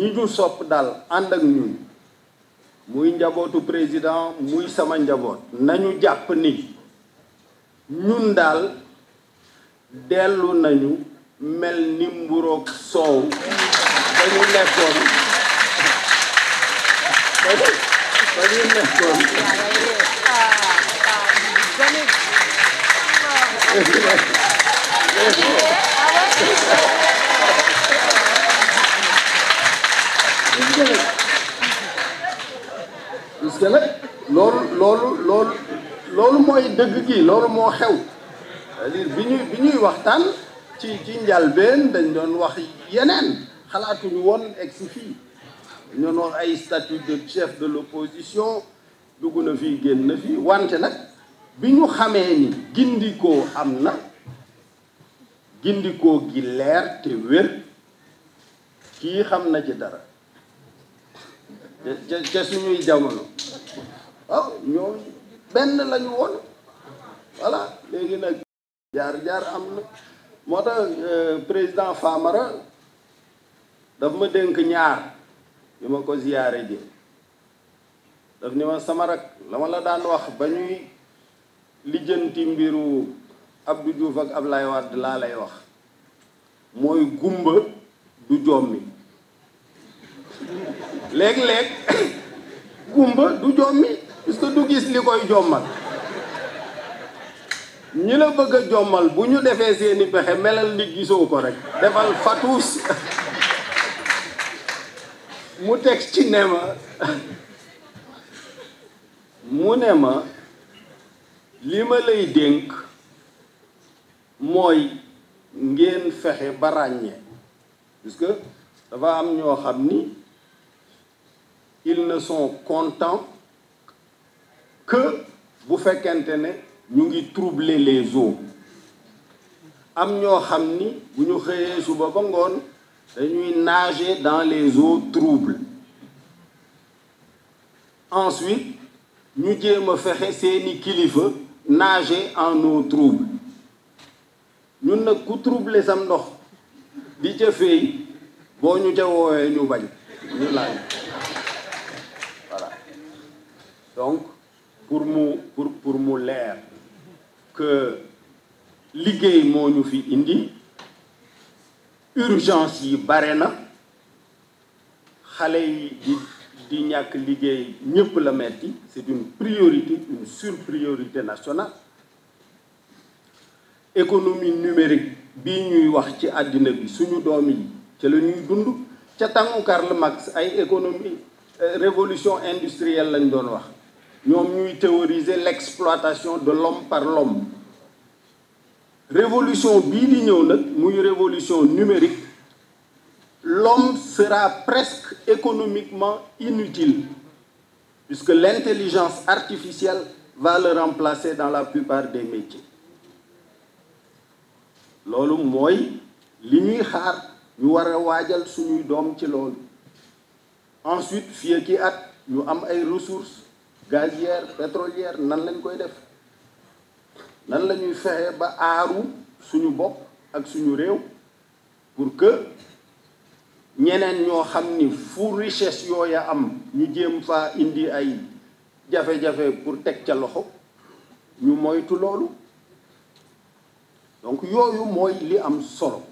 ñi ñu sopp daal ànd ak ñun muy njabootu président muy sama njaboot nañu jàpp ni ñun daal dellu nañu mel ni mburoog soow dañu dañu nekkoon puisque nag loolu loolu loolu loolu mooy dëgg gi loolu moo xew cest bi ñuy waxtaan ci ci njalbeen dañ doon wax yeneen xalaatuñu woon egg si fii dañ doon ay statut de chef de l'opposition dugg na fi génn na fii wante nag bi ñu xamee ni gindikoo am na gindikoo gi leer te wér kii xam na ci dara ca ca suñuy jamono waaw ñoo benn lañu woon voilà léegi nag jaar-jaar am na moo euh, Famara daf ma dénk ñaar yu ma ko ziyaare ji daf ni ma sama rak la ma la daan wax ba ñuy mbiru Abdou Diouf ak Ablaye lay wax gumba du jommi léeg-léeg gumba du jommi que du gis li koy jommal ñi la bëgg a jommal bu ñu defee seeni pexe melal ni gisoo ko rek defal fatuus mu teg ci ne ma mu ne ma li ma lay dénk mooy ngeen fexe ba ràññee parce que dafa am ñoo xam ni ils ne sont contents que vous faites ne ñu ngi troubler les eaux am ñoo xam nous bu ñu xëyee suba dañuy nager dans les eaux troubles ensuite ñu nous a fexe seeni kilifa nager en eau trouble Nous ne ku pas sam ndox di ca nous boo ñu pour pour pour mu que liguey moo fi indi urgence yi bare na yi di di liguey ñepp la metti c'est une priorité une surpriorité nationale économie numérique bi ñuy wax ci adina bi suñu doomi ci la ñuy dund ca tangu Karl Marx ay économie euh, révolution industrielle lañ doon wax nous avons théorisé l'exploitation de l'homme par l'homme révolution bii révolution numérique l'homme sera presque économiquement inutile puisque l'intelligence artificielle va le remplacer dans la plupart des métiers Lolo moy li ñuy xaar a ensuite nous at ressources gazière pétrolière nan lañ koy def nan lañuy ñuy fexe ba aaru suñu bopp ak suñu réew pour que ñeneen ñoo xam ni fu richesse yooya am ñu jéem fa indi ay jafe-jafe pour teg ca loxo ñu moytu loolu donc yooyu mooy li am solo